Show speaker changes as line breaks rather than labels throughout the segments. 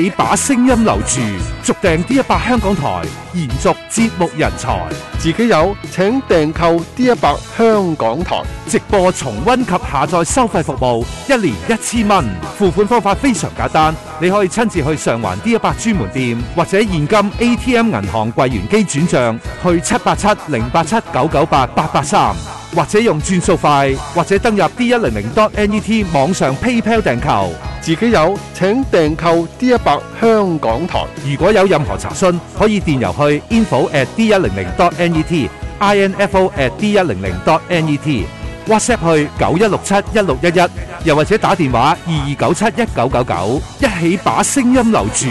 你把聲音留住，續訂 D 一百香港台，延續節目人才。自己有請訂購 D 一百香港台直播重温及下載收費服務，一年一千蚊。付款方法非常簡單，你可以親自去上環 D 一百專門店，或者現金 ATM 銀行櫃員機轉賬去七八七零八七九九八八八三，3, 或者用轉數快，或者登入 D 一零零 dot net 網上 PayPal 訂購。自己有請訂購 D100 香港台。如果有任何查詢，可以電郵去 info@d100.net，info@d100.net。WhatsApp 去91671611，又或者打電話22971999，一起把聲音留住，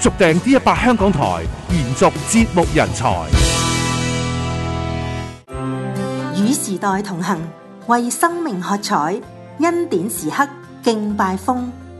續訂 D100 香港台，延續節目人才，
與時代同行，為生命喝彩，恩典時刻，敬拜風。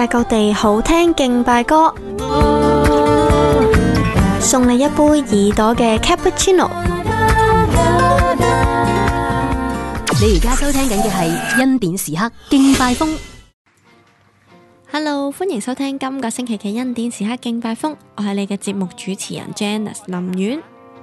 世界各地好聽敬拜歌，送你一杯耳朵嘅 cappuccino。你而家收聽緊嘅係恩典時刻敬拜風。Hello，歡迎收聽今個星期嘅恩典時刻敬拜風。我係你嘅節目主持人 Janice 林苑。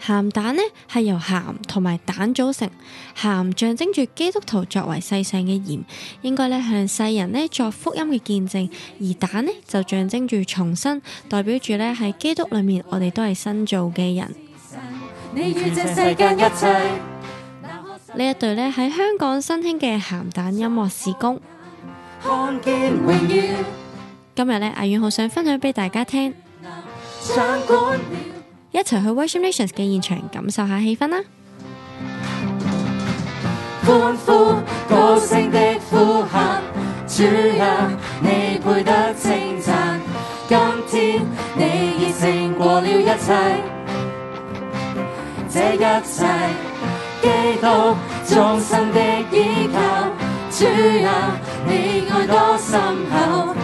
鹹蛋呢係由鹹同埋蛋組成，鹹象徵住基督徒作為世上嘅鹽，應該咧向世人呢作福音嘅見證；而蛋呢，就象徵住重生，代表住咧喺基督裏面，我哋都係新造嘅人。呢一隊呢係香港新興嘅鹹蛋音樂事工。
嗯嗯、
今日呢，阿遠好想分享俾大家聽。一齊去 Worship Nations 嘅現場感受下氣氛啦！
歡呼，高聲的呼喊，主啊，你配得稱讚。今天你已勝過了一切，這一切，基督眾生的依靠，主啊，你愛多深厚。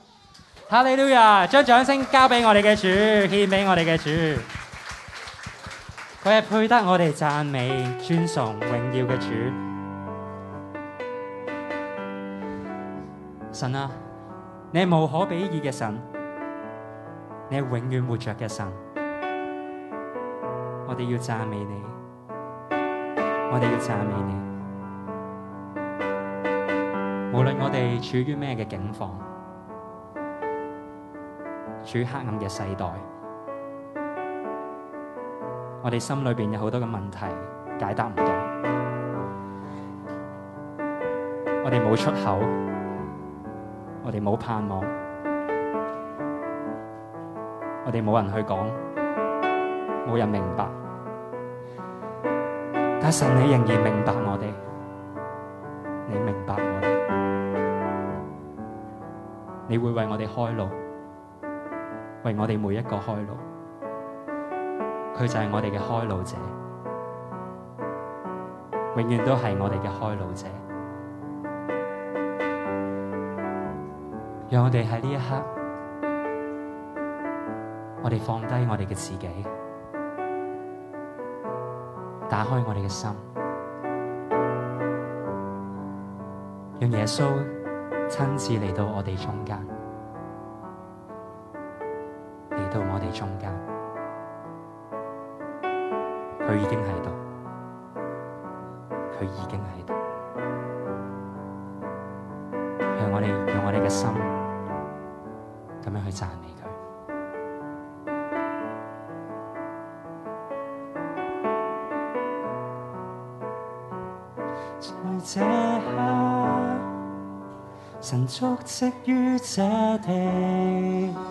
哈利路亞！將掌聲交俾我哋嘅主，獻俾我哋嘅主。佢係配得我哋讚美、尊崇、榮耀嘅主。神啊，你係無可比擬嘅神，你係永遠活着嘅神。我哋要讚美你，我哋要讚美你。無論我哋處於咩嘅境況。處於黑暗嘅世代，我哋心裏邊有好多嘅問題解答唔到，我哋冇出口，我哋冇盼望，我哋冇人去講，冇人明白，但神你仍然明白我哋，你明白我哋，你會為我哋開路。為我哋每一個開路，佢就係我哋嘅開路者，永遠都係我哋嘅開路者。讓我哋喺呢一刻，我哋放低我哋嘅自己，打開我哋嘅心，讓耶穌親自嚟到我哋中間。中間，佢已經喺度，佢已經喺度，讓我哋，用我哋嘅心，咁樣去讚美佢。在這一刻，神足跡於這地。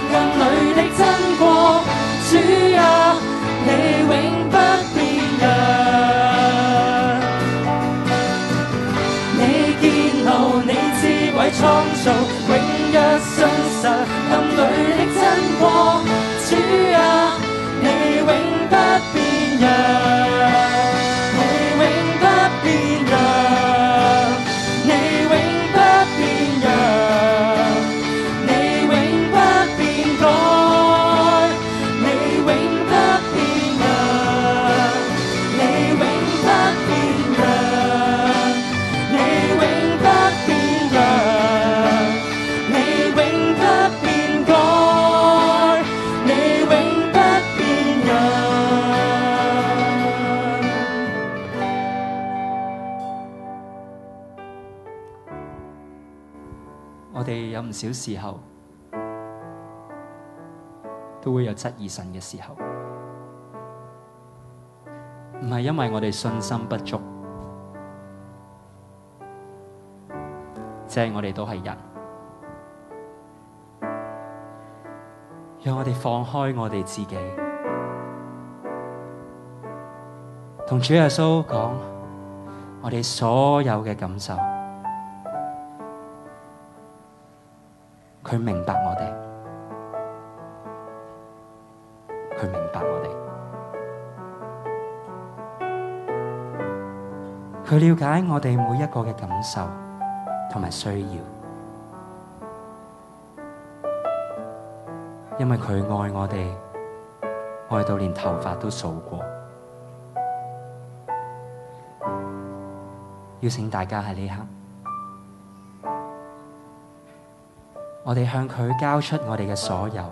小時候都會有質疑神嘅時候，唔係因為我哋信心不足，即係我哋都係人，讓我哋放開我哋自己，同主耶穌講我哋所有嘅感受。佢明白我哋，佢明白我哋，佢了解我哋每一個嘅感受同埋需要，因為佢愛我哋，愛到連頭髮都數過。邀請大家喺呢刻。我哋向佢交出我哋嘅所有，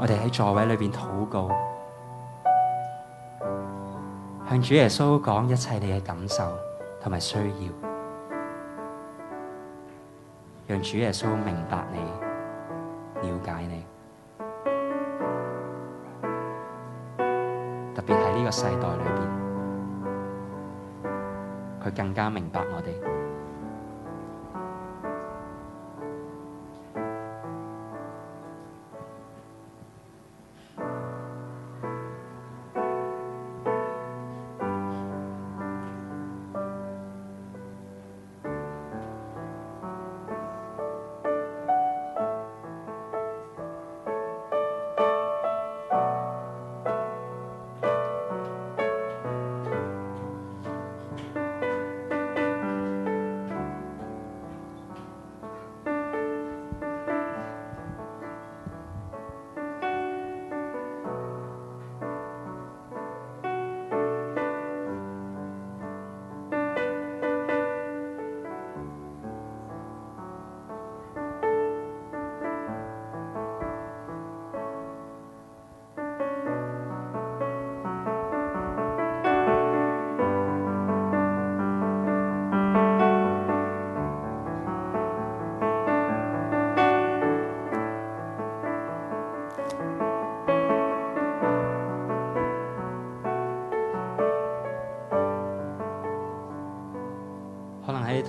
我哋喺座位裏邊禱告，向主耶穌講一切你嘅感受同埋需要，讓主耶穌明白你，了解你，特別喺呢個世代裏邊，佢更加明白我哋。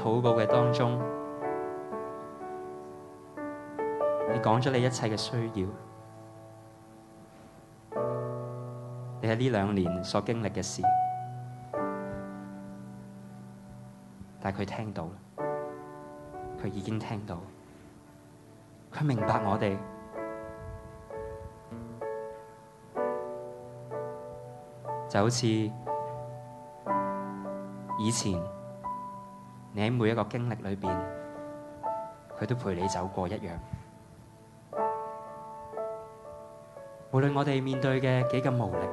禱告嘅當中，你講咗你一切嘅需要，你喺呢兩年所經歷嘅事，但係佢聽到，佢已經聽到，佢明白我哋就好似以前。你喺每一個經歷裏邊，佢都陪你走過一樣。無論我哋面對嘅幾咁無力，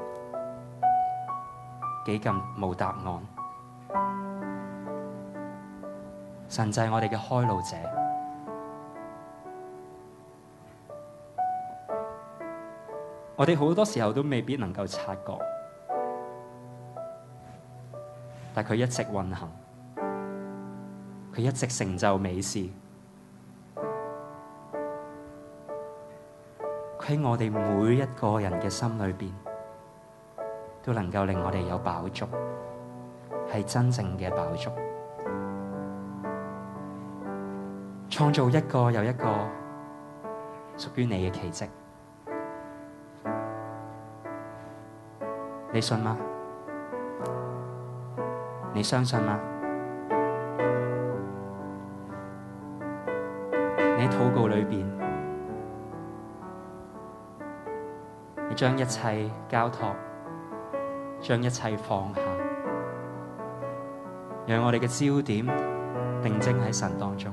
幾咁無答案，甚至係我哋嘅開路者。我哋好多時候都未必能夠察覺，但佢一直運行。佢一直成就美事，佢喺我哋每一個人嘅心裏邊都能夠令我哋有飽足，係真正嘅飽足，創造一個又一個屬於你嘅奇跡，你信嗎？你相信嗎？喺禱告裏邊，你將一切交託，將一切放下，讓我哋嘅焦點定睛喺神當中。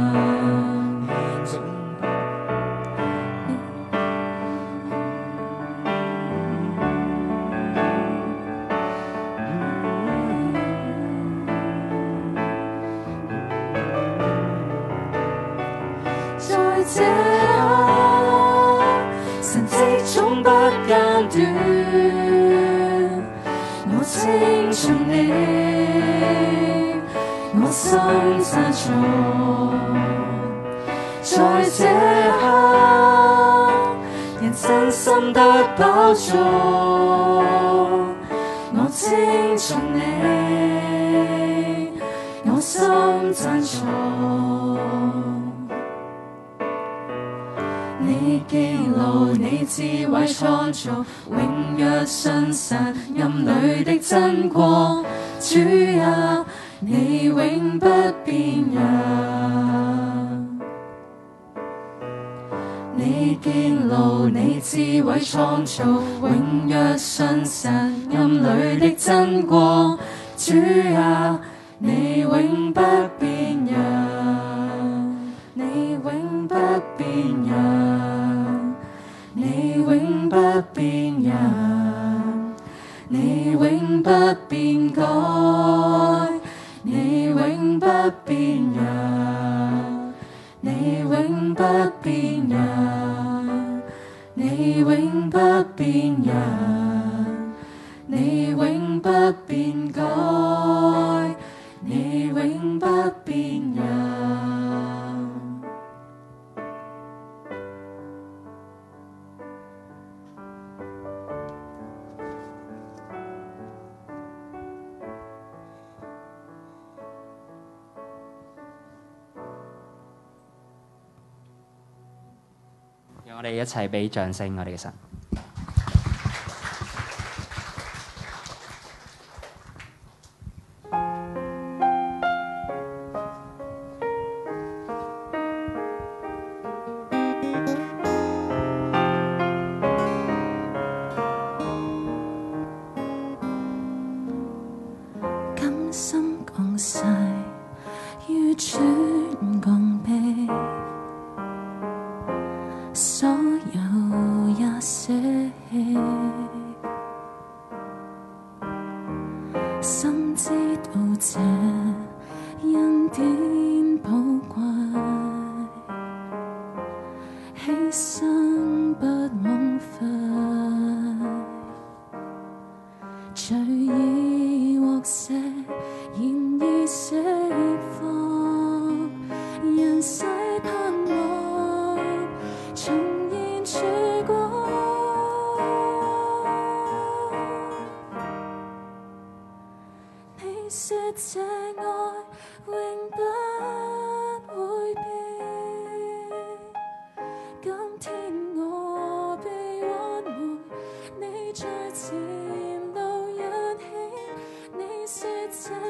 齊俾掌聲，我哋嘅神。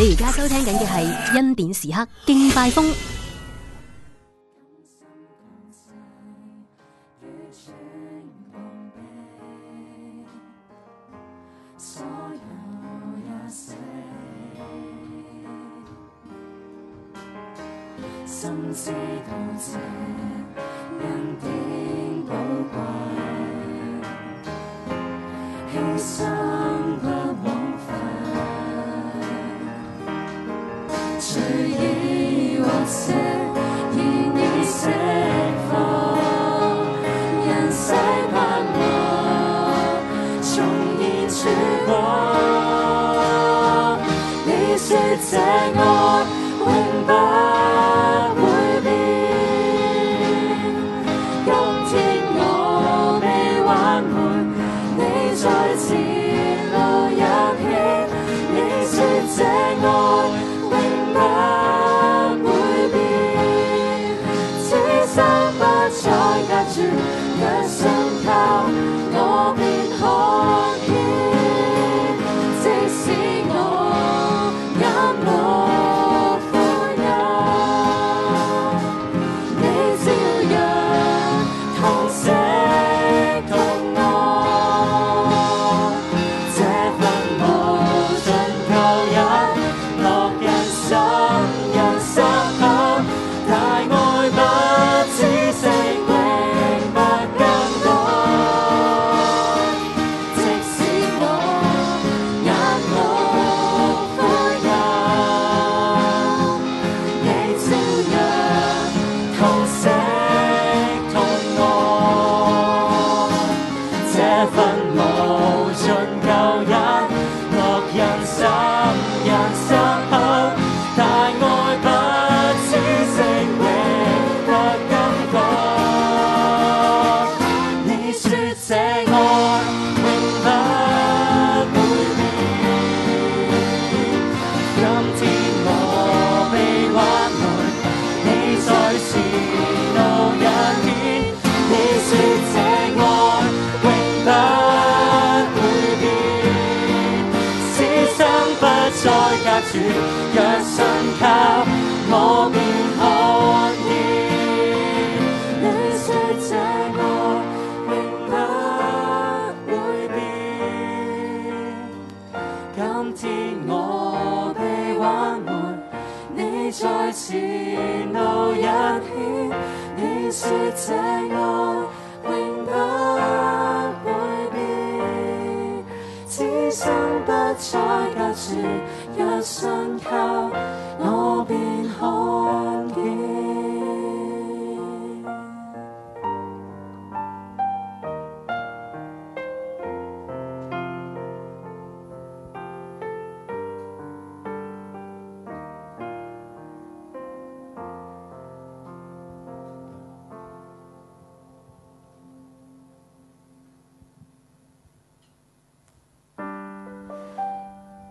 你而家收聽緊嘅係《恩典時刻敬拜風》。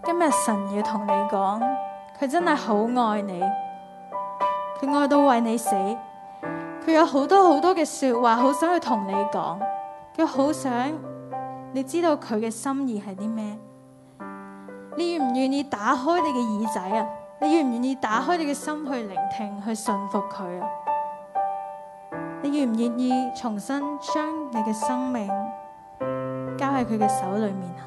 今日神要同你講，佢真係好愛你，佢愛到為你死，佢有好多好多嘅說話，好想去同你講，佢
好想你知道佢嘅心意係啲咩？你願唔願意打開你嘅耳仔啊？你願唔願意打開你嘅心去聆聽去信服佢啊？你願唔願意重新將你嘅生命交喺佢嘅手裏面啊？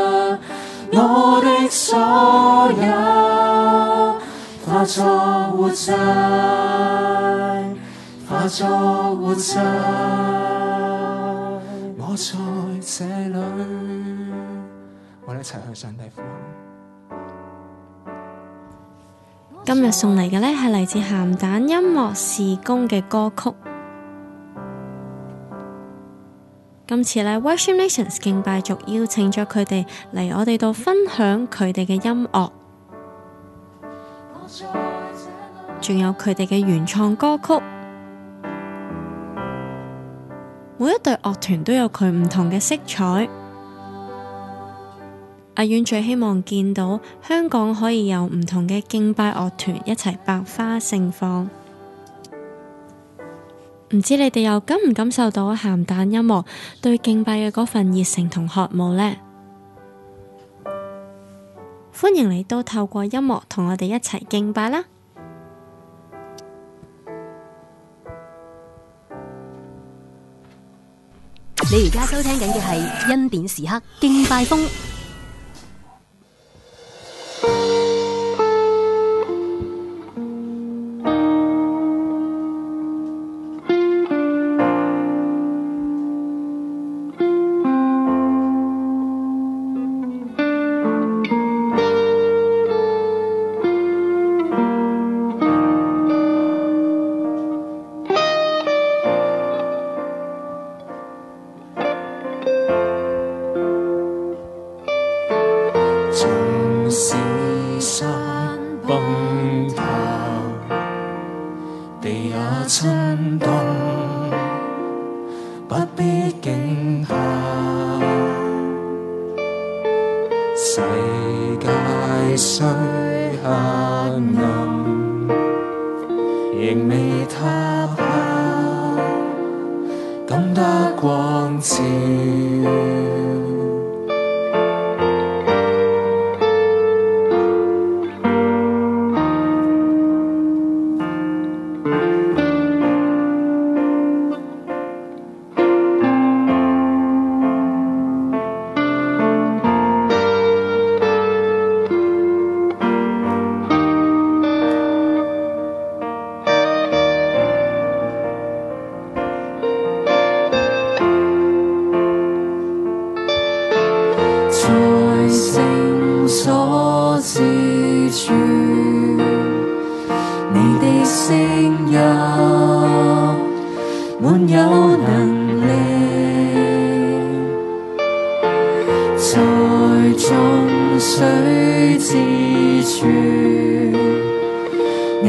所有化作活著，化作活著，我在
這裏，我們一齊向上帝呼喊。
今日送嚟嘅呢，係嚟自咸蛋音樂事工嘅歌曲。今次呢 Wish Nations 敬拜組邀請咗佢哋嚟我哋度分享佢哋嘅音樂，仲有佢哋嘅原創歌曲。每一隊樂團都有佢唔同嘅色彩。阿遠最希望見到香港可以有唔同嘅敬拜樂團一齊百花盛放。唔知你哋又感唔感受到鹹蛋音樂對敬拜嘅嗰份熱誠同渴慕呢？歡迎你都透過音樂同我哋一齊敬拜啦！你而家收聽緊嘅係恩典時刻敬拜風。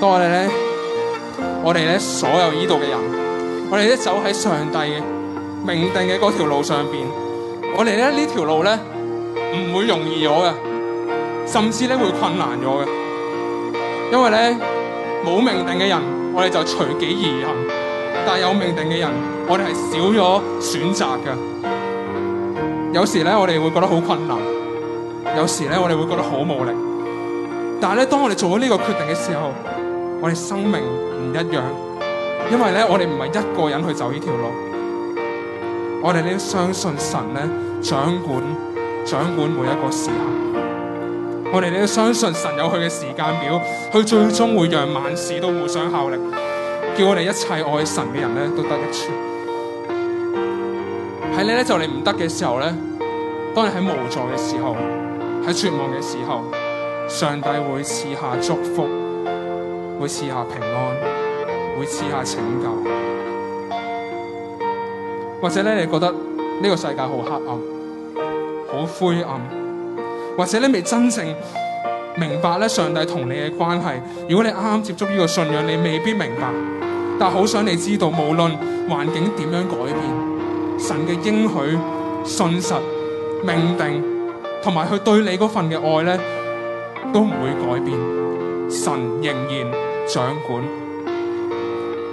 當我哋咧，我哋咧所有呢度嘅人，我哋咧走喺上帝嘅命定嘅嗰條路上邊，我哋咧呢條路咧唔會容易咗嘅，甚至咧會困難咗嘅。因為咧冇命定嘅人，我哋就隨己而行；但係有命定嘅人，我哋係少咗選擇嘅。有時咧，我哋會覺得好困難；有時咧，我哋會覺得好冇力。但係咧，當我哋做咗呢個決定嘅時候，我哋生命唔一樣，因為咧我哋唔係一個人去走呢條路，我哋呢，要相信神咧掌管、掌管每一個時刻，我哋呢，要相信神有佢嘅時間表，佢最終會讓萬事都互相效力，叫我哋一切愛神嘅人咧都得益處。喺你咧就嚟唔得嘅時候咧，當你喺無助嘅時候，喺絕望嘅時候，上帝會賜下祝福。會試下平安，會試下拯救，或者咧，你覺得呢個世界好黑暗，好灰暗，或者你未真正明白咧上帝同你嘅關係。如果你啱啱接觸呢個信仰，你未必明白，但好想你知道，無論環境點樣改變，神嘅應許、信實、命定，同埋佢對你嗰份嘅愛咧，都唔會改變，神仍然。掌管，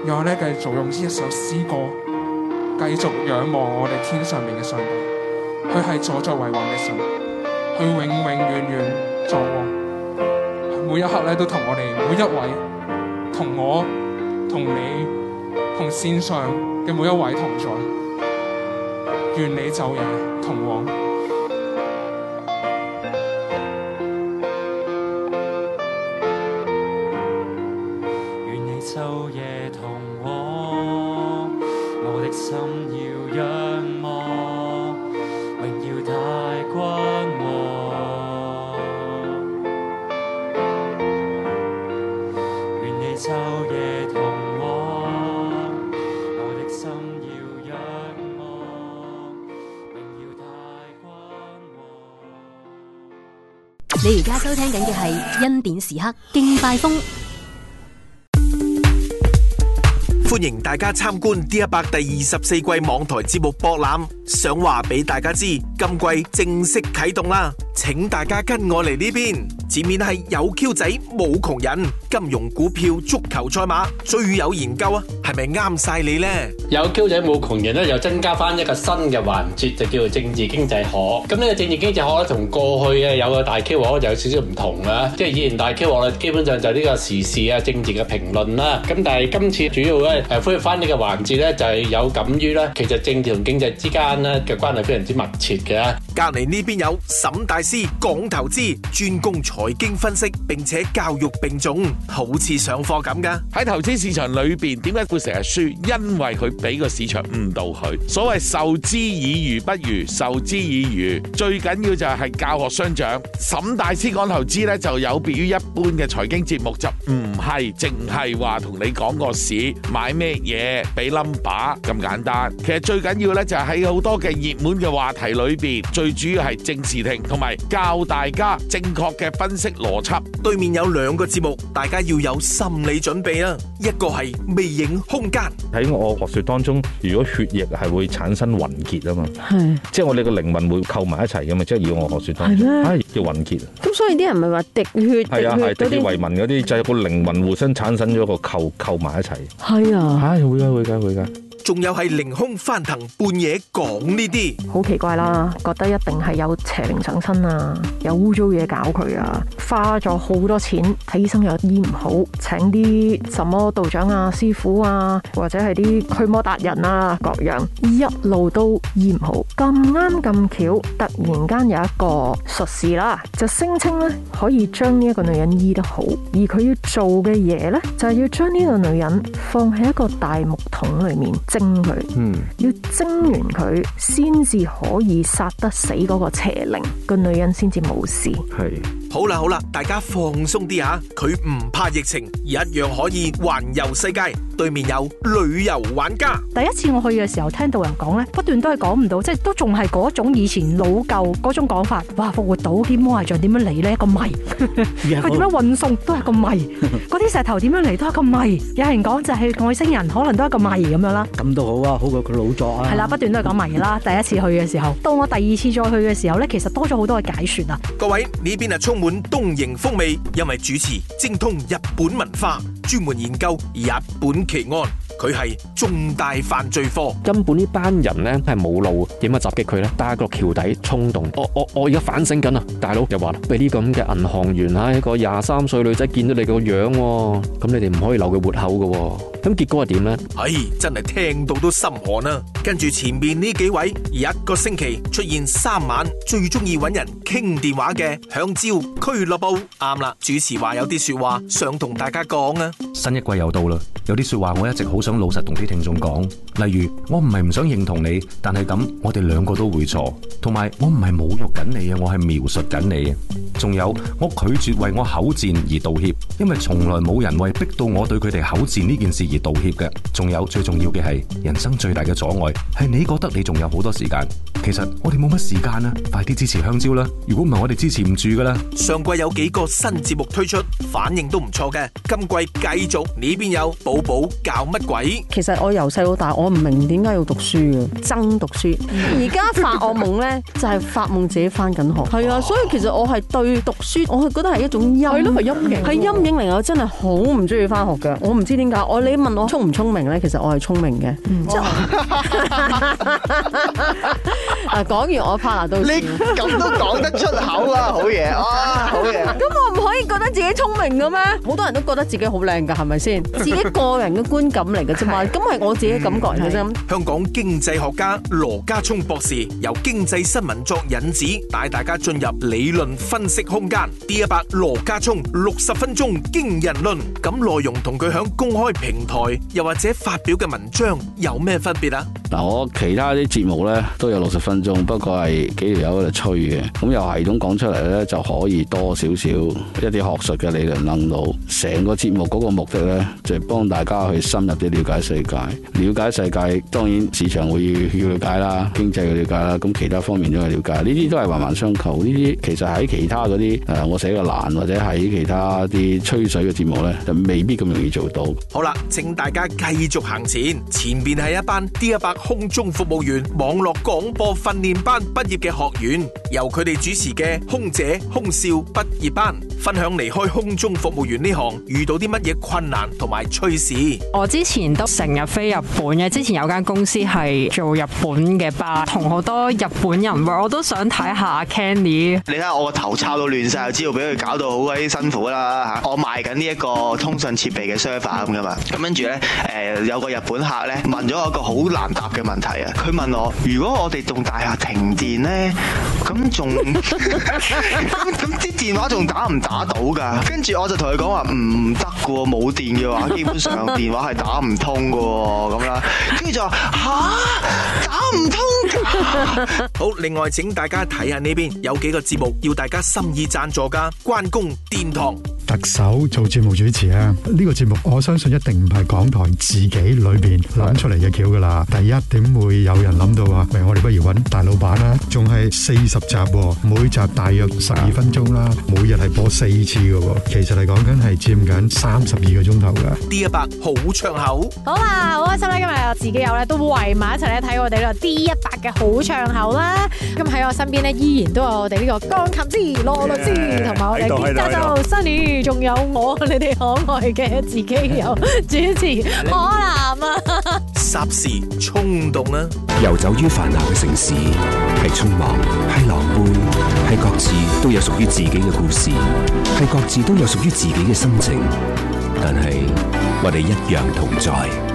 然後呢繼續用呢一首詩歌，繼續仰望我哋天上面嘅神，佢係坐在為王嘅神，佢永永遠遠在望，每一刻呢，都同我哋每一位，同我，同你，同線上嘅每一位同在，願你晝夜同往。
時刻勁快風，
歡迎大家參觀 D 一百第二十四季網台節目博覽。想話俾大家知，今季正式啟動啦，請大家跟我嚟呢邊。前面係有 Q 仔，冇窮人。金融股票、足球賽馬最有研究啊，係咪啱晒你呢？有 Q 仔冇窮人咧，又增加翻一個新嘅環節，就叫做政治經濟學。咁呢個政治經濟學咧，同過去嘅有個大 Q 話咧，就有少少唔同啦。即係以前大 Q 話咧，基本上就呢個時事啊、政治嘅評論啦。咁但係今次主要咧，恢復翻呢個環節咧，就係有感於咧，其實政治同經濟之間咧嘅關係非常之密切嘅。隔籬呢邊有沈大師講投資，專攻財經分析，並且教育並重。好似上課咁噶，喺投資市場裏邊，點解會成日輸？因為佢俾個市場誤導佢。所謂授之以魚不如授之以漁，最緊要就係教學相長。沈大師講投資呢，就有別於一般嘅財經節目，就唔係淨係話同你講個市買咩嘢，俾 number 咁簡單。其實最緊要呢，就係喺好多嘅熱門嘅話題裏邊，最主要係正視聽，同埋教大家正確嘅分析邏輯。對面有兩個節目，大家要有心理準備啦，一個係微影空間。喺我學說當中，如果血液係會產生混結啊嘛，係的，即係我哋個靈魂會扣埋一齊噶嘛，即係要我學說當中，係啦嗎，叫混、哎、結。
咁所以啲人咪話滴血滴血地為
盟嗰啲，就係個靈魂互相產生咗個扣扣埋一齊。
係啊的，吓、哎、會噶會噶會噶。
仲有係凌空翻騰，半夜講呢啲，
好奇怪啦！覺得一定係有邪靈上身啊，有污糟嘢搞佢啊！花咗好多錢睇醫生又醫唔好，請啲什麼道長啊、師傅啊，或者係啲驅魔達人啊各樣，一路都醫唔好。咁啱咁巧，突然間有一個術士啦，就聲稱咧可以將呢一個女人醫得好，而佢要做嘅嘢咧，就係要將呢個女人放喺一個大木桶裏面。蒸佢，要蒸完佢，先至可以殺得死嗰個邪靈，個女人先至冇事。係
好啦好啦，大家放鬆啲啊！佢唔怕疫情，一樣可以環遊世界。對面有旅遊玩家。
第一次我去嘅時候，聽到人講咧，不斷都係講唔到，即係都仲係嗰種以前老舊嗰種講法。哇！復活島啲魔石像點樣嚟咧？一個謎。
佢點樣
運送都係個謎。嗰啲石頭點樣嚟都係個謎。有人講就係外星人，可能都係個謎咁樣啦。
咁都好啊，好過佢老作啊。
係啦，
不斷都係講謎啦。第一次去嘅時候，到我第二次再去嘅時候咧，其實多咗好多嘅解說啊。
各位呢邊係冲。滿東瀛風味，因為主持精通日本文化，專門研究日本奇案。佢係重大犯罪科，
根本呢班人咧係冇路，點解襲擊佢咧？打個橋底衝動，我我我而家反省緊啊！大佬又話俾呢咁嘅銀行員，一個廿三歲女仔見到你個樣喎，咁你哋唔可以留佢活口㗎喎。咁結果係點咧？
唉、哎，真係聽到都心寒啊！跟住前面呢幾位，一個星期出現三晚，最中意搵人傾電話嘅，香蕉俱樂部啱啦。主持話有啲說話想同
大家講啊，新一季又到啦，有啲說話我一直好。想老實同啲聽眾講，例如我唔係唔想認同你，但係咁我哋兩個都會錯，同埋我唔係侮辱緊你啊，我係描述緊你。仲有我拒絕為我口賤而道歉，因為從來冇人為逼到我對佢哋口賤呢件事而道歉嘅。仲有最重要嘅係，人生最
大嘅阻礙係你覺得你仲有好多時間，其實我哋冇乜時間啦！快啲支持香蕉
啦，如果唔係我哋支持唔住㗎喇。
上季有幾個新節目推出，反應都唔錯嘅，今季繼續呢邊有寶寶教乜鬼。
其實我由細到大，我唔明點解要讀書嘅，憎讀書。而家發惡夢咧，就係發夢自己翻緊學。係啊，所以其實我係對讀書，我係覺得係一種陰，係咯，係陰影，係陰影嚟啊！我真係好唔中意翻學噶。我唔知點解。我你問我聰唔聰明咧？其實我係聰明嘅。唔錯。啊，講完我 partner 都你咁都講得出口啊，好嘢啊，好嘢。咁我唔可以覺得自己聰明嘅咩？好多人都覺得自己好靚噶，係咪先？自己個人嘅觀感嚟。嘅啫嘛，咁係我自己嘅感覺嘅啫。
香港經濟學家羅家聰博士由經濟新聞作引子，帶大家進入理論分析空間。D100 羅家聰六十分鐘經人論，咁內容同佢響公開平台又或者發表嘅文章有咩分別啊？
嗱，我其他啲節目咧都有六十分鐘，不過係幾條友喺度吹嘅，咁由系統咁講出嚟咧就可以多少少一啲學術嘅理論能度。成個節目嗰個目的咧就係幫大家去深入啲。了解世界，了解世界，當然市場會要了解啦，經濟要了解啦，咁其他方面都要了解，呢啲都係環環相扣。呢啲其實喺其他嗰啲誒，我寫嘅欄或者喺其他啲吹水嘅節目咧，就未必咁容易做到。
好啦，請大家繼續行前，前邊係一班 D 一百空中服務員網絡廣播訓練班畢業嘅學員，由佢哋主持嘅空姐空少畢業班，分享離開空中服務員呢行遇到啲乜嘢困難同埋趣事。
我之前。都成日飛日本嘅，之前有間公司係做日本嘅吧，同好多日本人。我都想睇下 Candy。你
睇下我個頭抄到亂曬，又知道俾佢搞到好鬼辛苦啦嚇！我賣緊呢一個通訊設備嘅 server 㗎嘛，咁跟住咧誒有個日本客咧問咗我一個好難答嘅問題啊！佢問我：如果我哋棟大廈停電咧，咁仲咁啲電話仲打唔打到㗎？跟住我就同佢講話唔得㗎，冇電嘅話，基本上電話係打唔通嘅喎咁啦，跟住就話嚇，搞唔通。好，另外請大家睇下呢邊有幾個節目要大家心意贊助㗎，關公殿堂
特首做節目主持啊！呢個節目我相信一定唔係港台自己裏邊諗出嚟嘅橋㗎啦。第一點會有人諗到話，誒，我哋不如揾大老闆啦。仲係四十集，每集大約十二分鐘啦，每日係播四次嘅喎。其實係講緊係佔緊三
十二個鐘頭㗎。D 一百好暢後。
好啦，啊，好開心啦。今日自己有咧都圍埋一齊咧睇我哋呢個 D 一百嘅好唱口啦。咁喺我身邊咧依然都有我哋呢個鋼琴師羅律師，同埋我哋記者就 Sunny 仲 Yeah, 有我你哋可愛嘅自己有主持 可南啊！霎時衝
動啊！遊走於繁華嘅城市，係匆忙，係狼狽，係各自都有屬於自己嘅故事，係各自都有屬於自己嘅心情。但係，我哋一樣同在。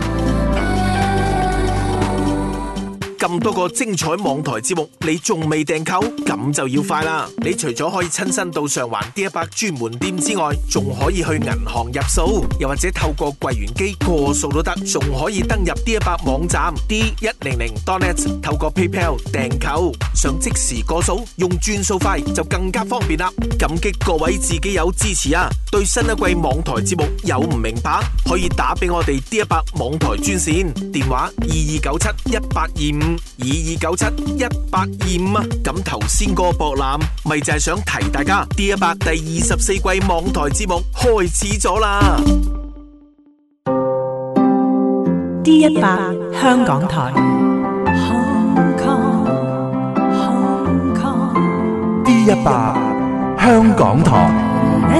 咁多個精彩網台節目，你仲未訂購咁就要快啦！你除咗可以親身到上環 D 一百專門店之外，仲可以去銀行入數，又或者透過櫃員機過數都得，仲可以登入 D 一百網站 d 一零零 dot net 透過 PayPal 訂購，想即時過數用轉數快就更加方便啦！感激各位自己有支持啊！對新一季網台節目有唔明白，可以打俾我哋 D 一百網台專線電話二二九七一八二五。二二九七一百二五啊！咁頭先個博覽，咪就係想提大家 D 一百第二十四季網台節目開始咗啦！D 一百香港台，D 一百香港台、
D。